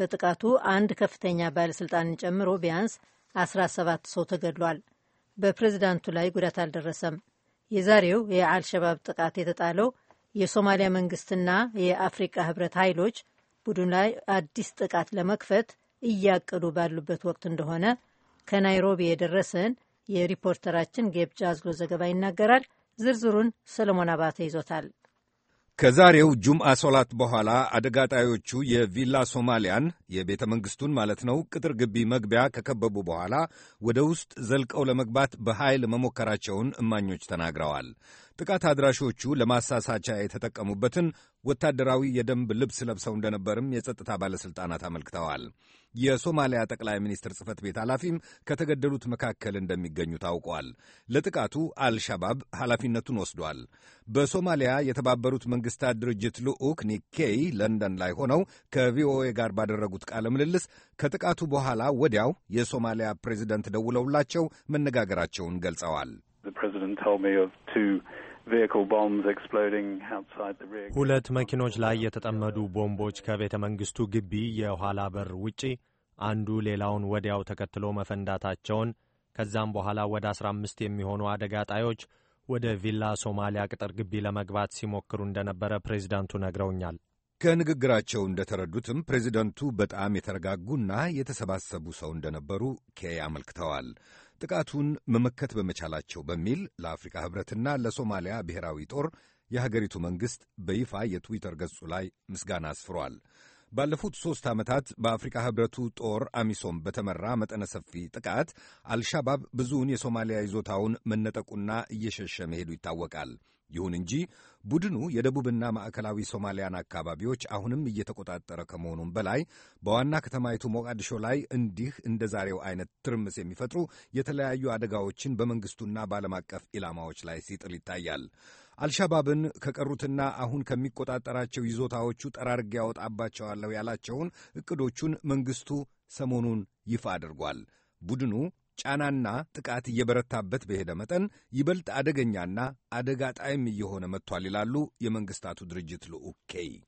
በጥቃቱ አንድ ከፍተኛ ባለሥልጣንን ጨምሮ ቢያንስ 17 ሰው ተገድሏል። በፕሬዝዳንቱ ላይ ጉዳት አልደረሰም። የዛሬው የአልሸባብ ጥቃት የተጣለው የሶማሊያ መንግስትና የአፍሪቃ ህብረት ኃይሎች ቡድን ላይ አዲስ ጥቃት ለመክፈት እያቀዱ ባሉበት ወቅት እንደሆነ ከናይሮቢ የደረሰን የሪፖርተራችን ጌብጃ አዝሎ ዘገባ ይናገራል። ዝርዝሩን ሰለሞን አባተ ይዞታል። ከዛሬው ጁምዓ ሶላት በኋላ አደጋ ጣዮቹ የቪላ ሶማሊያን የቤተ መንግሥቱን ማለት ነው ቅጥር ግቢ መግቢያ ከከበቡ በኋላ ወደ ውስጥ ዘልቀው ለመግባት በኃይል መሞከራቸውን እማኞች ተናግረዋል። ጥቃት አድራሾቹ ለማሳሳቻ የተጠቀሙበትን ወታደራዊ የደንብ ልብስ ለብሰው እንደነበርም የጸጥታ ባለሥልጣናት አመልክተዋል። የሶማሊያ ጠቅላይ ሚኒስትር ጽህፈት ቤት ኃላፊም ከተገደሉት መካከል እንደሚገኙ ታውቋል። ለጥቃቱ አልሻባብ ኃላፊነቱን ወስዷል። በሶማሊያ የተባበሩት መንግሥታት ድርጅት ልዑክ ኒኬይ ለንደን ላይ ሆነው ከቪኦኤ ጋር ባደረጉት ቃለ ምልልስ ከጥቃቱ በኋላ ወዲያው የሶማሊያ ፕሬዚደንት ደውለውላቸው መነጋገራቸውን ገልጸዋል። ሁለት መኪኖች ላይ የተጠመዱ ቦምቦች ከቤተ መንግሥቱ ግቢ የኋላ በር ውጪ አንዱ ሌላውን ወዲያው ተከትሎ መፈንዳታቸውን ከዛም በኋላ ወደ አስራ አምስት የሚሆኑ አደጋ ጣዮች ወደ ቪላ ሶማሊያ ቅጥር ግቢ ለመግባት ሲሞክሩ እንደነበረ ፕሬዚዳንቱ ነግረውኛል። ከንግግራቸው እንደተረዱትም ፕሬዚደንቱ በጣም የተረጋጉና የተሰባሰቡ ሰው እንደነበሩ ኬይ አመልክተዋል። ጥቃቱን መመከት በመቻላቸው በሚል ለአፍሪካ ሕብረትና ለሶማሊያ ብሔራዊ ጦር የሀገሪቱ መንግሥት በይፋ የትዊተር ገጹ ላይ ምስጋና አስፍሯል። ባለፉት ሦስት ዓመታት በአፍሪካ ህብረቱ ጦር አሚሶም በተመራ መጠነ ሰፊ ጥቃት አልሻባብ ብዙውን የሶማሊያ ይዞታውን መነጠቁና እየሸሸ መሄዱ ይታወቃል። ይሁን እንጂ ቡድኑ የደቡብና ማዕከላዊ ሶማሊያን አካባቢዎች አሁንም እየተቆጣጠረ ከመሆኑም በላይ በዋና ከተማይቱ ሞቃዲሾ ላይ እንዲህ እንደ ዛሬው አይነት ትርምስ የሚፈጥሩ የተለያዩ አደጋዎችን በመንግስቱና በዓለም አቀፍ ኢላማዎች ላይ ሲጥል ይታያል። አልሻባብን ከቀሩትና አሁን ከሚቆጣጠራቸው ይዞታዎቹ ጠራርጌ ያወጣባቸዋለሁ ያላቸውን እቅዶቹን መንግስቱ ሰሞኑን ይፋ አድርጓል። ቡድኑ ጫናና ጥቃት እየበረታበት በሄደ መጠን ይበልጥ አደገኛና አደጋ ጣይም እየሆነ መጥቷል ይላሉ የመንግስታቱ ድርጅት ልዑክ ኬይ። uh,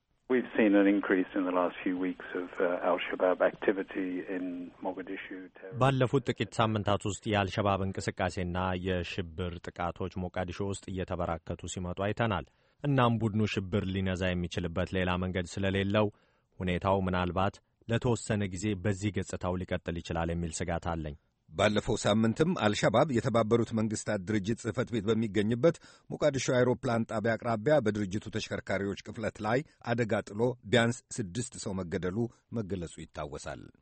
ባለፉት ጥቂት ሳምንታት ውስጥ የአልሸባብ እንቅስቃሴና የሽብር ጥቃቶች ሞቃዲሾ ውስጥ እየተበራከቱ ሲመጡ አይተናል። እናም ቡድኑ ሽብር ሊነዛ የሚችልበት ሌላ መንገድ ስለሌለው ሁኔታው ምናልባት ለተወሰነ ጊዜ በዚህ ገጽታው ሊቀጥል ይችላል የሚል ስጋት አለኝ። ባለፈው ሳምንትም አልሻባብ የተባበሩት መንግስታት ድርጅት ጽህፈት ቤት በሚገኝበት ሞቃዲሾ አይሮፕላን ጣቢያ አቅራቢያ በድርጅቱ ተሽከርካሪዎች ቅፍለት ላይ አደጋ ጥሎ ቢያንስ ስድስት ሰው መገደሉ መገለጹ ይታወሳል።